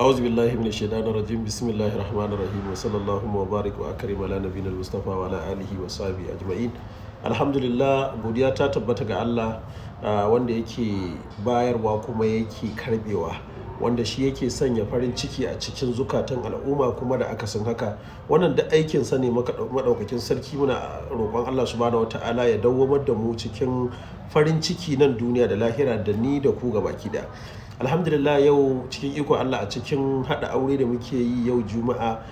أعوذ بالله من الشيطان الرجيم rahim الله الرحمن wa وصلى الله وبارك la على نبينا المصطفى وعلى آله وصحبه أجمعين الحمد لله godiya ta tabbata ga Allah wanda yake bayarwa kuma yake karbewa wanda shi yake sanya farin ciki a cikin zukatan al'umma kuma da aka san haka wannan da aikin sa ne madaukakin sarki muna roƙon Allah subhanahu wataala ya dawwamar da mu cikin farin ciki nan duniya da lahira da ni da ku ga baki da alhamdulillah yau cikin iko Allah a cikin hada aure da muke yi yau juma'a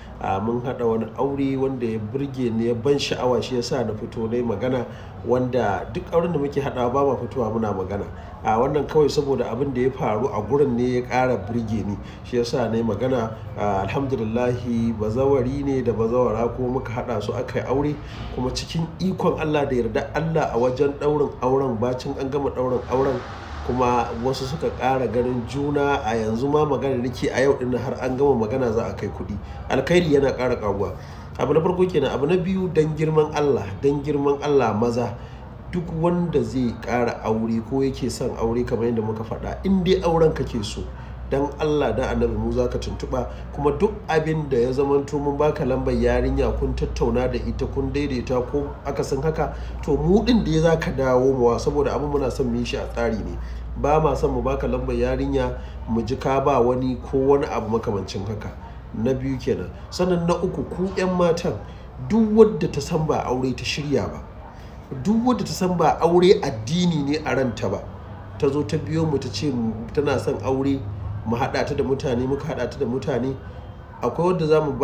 mun hada wani aure wanda ya burge ne ya ban sha'awa shi yasa na fito na magana wanda duk auren da muke hadawa ba ma fitowa muna magana a wannan kawai saboda abin da ya faru a gurin ne ya kara birge ni shi yasa na magana alhamdulillah bazawari ne da bazawara ko muka hada su aka yi aure kuma cikin ikon Allah da yarda Allah a wajen daurin auren ba bacin an gama ɗaurin auren kuma wasu suka ƙara ganin juna a yanzu ma magana nake a yau ɗin har an gama magana za a kai kuɗi alkhairi yana ƙara ƙaguwa abu na farko kenan abu na biyu dan girman Allah dan girman Allah maza duk wanda zai kara aure ko yake son aure kamar yadda muka faɗa in dai auren kake so dan Allah dan annabi mu za ka tuntuɓa kuma duk abin da ya zamanto mun baka lambar yarinya kun tattauna da ita kun daidaita ko akasin haka to mu din da za ka dawo mawa saboda abin muna son mu a tsari ne ba ma son mu baka lambar yarinya mu ji ka ba wani ko wani abu makamancin haka na biyu kenan sannan na uku ku 'yan matan duk wadda ta san ba aure ta shirya ba duk wanda ta san ba aure addini ne a ranta ba ta zo ta biyo mu ta ce tana son aure mu haɗa ta da mutane muka haɗa ta da mutane akwai wanda za mu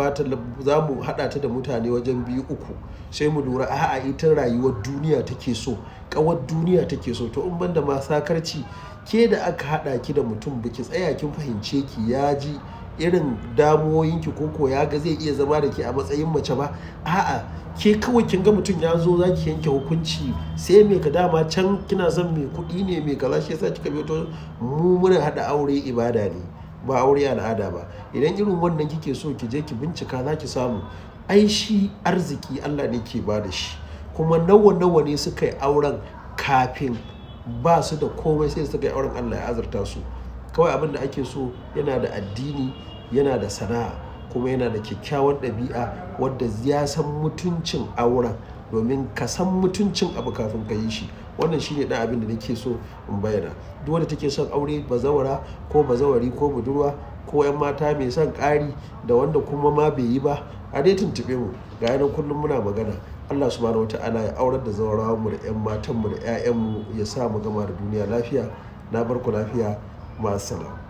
haɗa ta da mutane wajen biyu uku sai mu lura a'a ita rayuwar duniya take so ƙawar duniya take so to in banda ma sakarci ke da aka haɗa ki da mutum biki tsaya kin fahimce ki ya ji irin damuwoyinki ko ko ya ga zai iya zama da ke a matsayin mace ba a'a ke kawai kin ga mutum ya zo za ki yanke hukunci sai me ka dama can kina son mai kuɗi ne mai kaza shi yasa kika biyo mu muna haɗa aure ibada ne ba aure al'ada ba idan irin wannan kike so ki je ki bincika za ki samu ai shi arziki Allah ne ke ba da shi kuma nawa nawa ne suka yi auren kafin ba su da komai sai suka yi auren Allah ya azurta su kawai abin da ake so yana da addini yana da sana'a kuma yana da kyakkyawan ɗabi'a wadda ya san mutuncin auren domin ka san mutuncin abu kafin ka yi shi wannan shine dan abin da nake so in bayyana duk wanda take son aure ba bazawara ko bazawari ko budurwa ko yan mata mai son ƙari da wanda kuma ma bai yi ba a dai tuntube mu ga yanar kullum muna magana Allah su wata ana ya aurar da zawarawa mu da yan matan mu da 'ya'yan mu ya sa mu gama da duniya lafiya na barku lafiya ma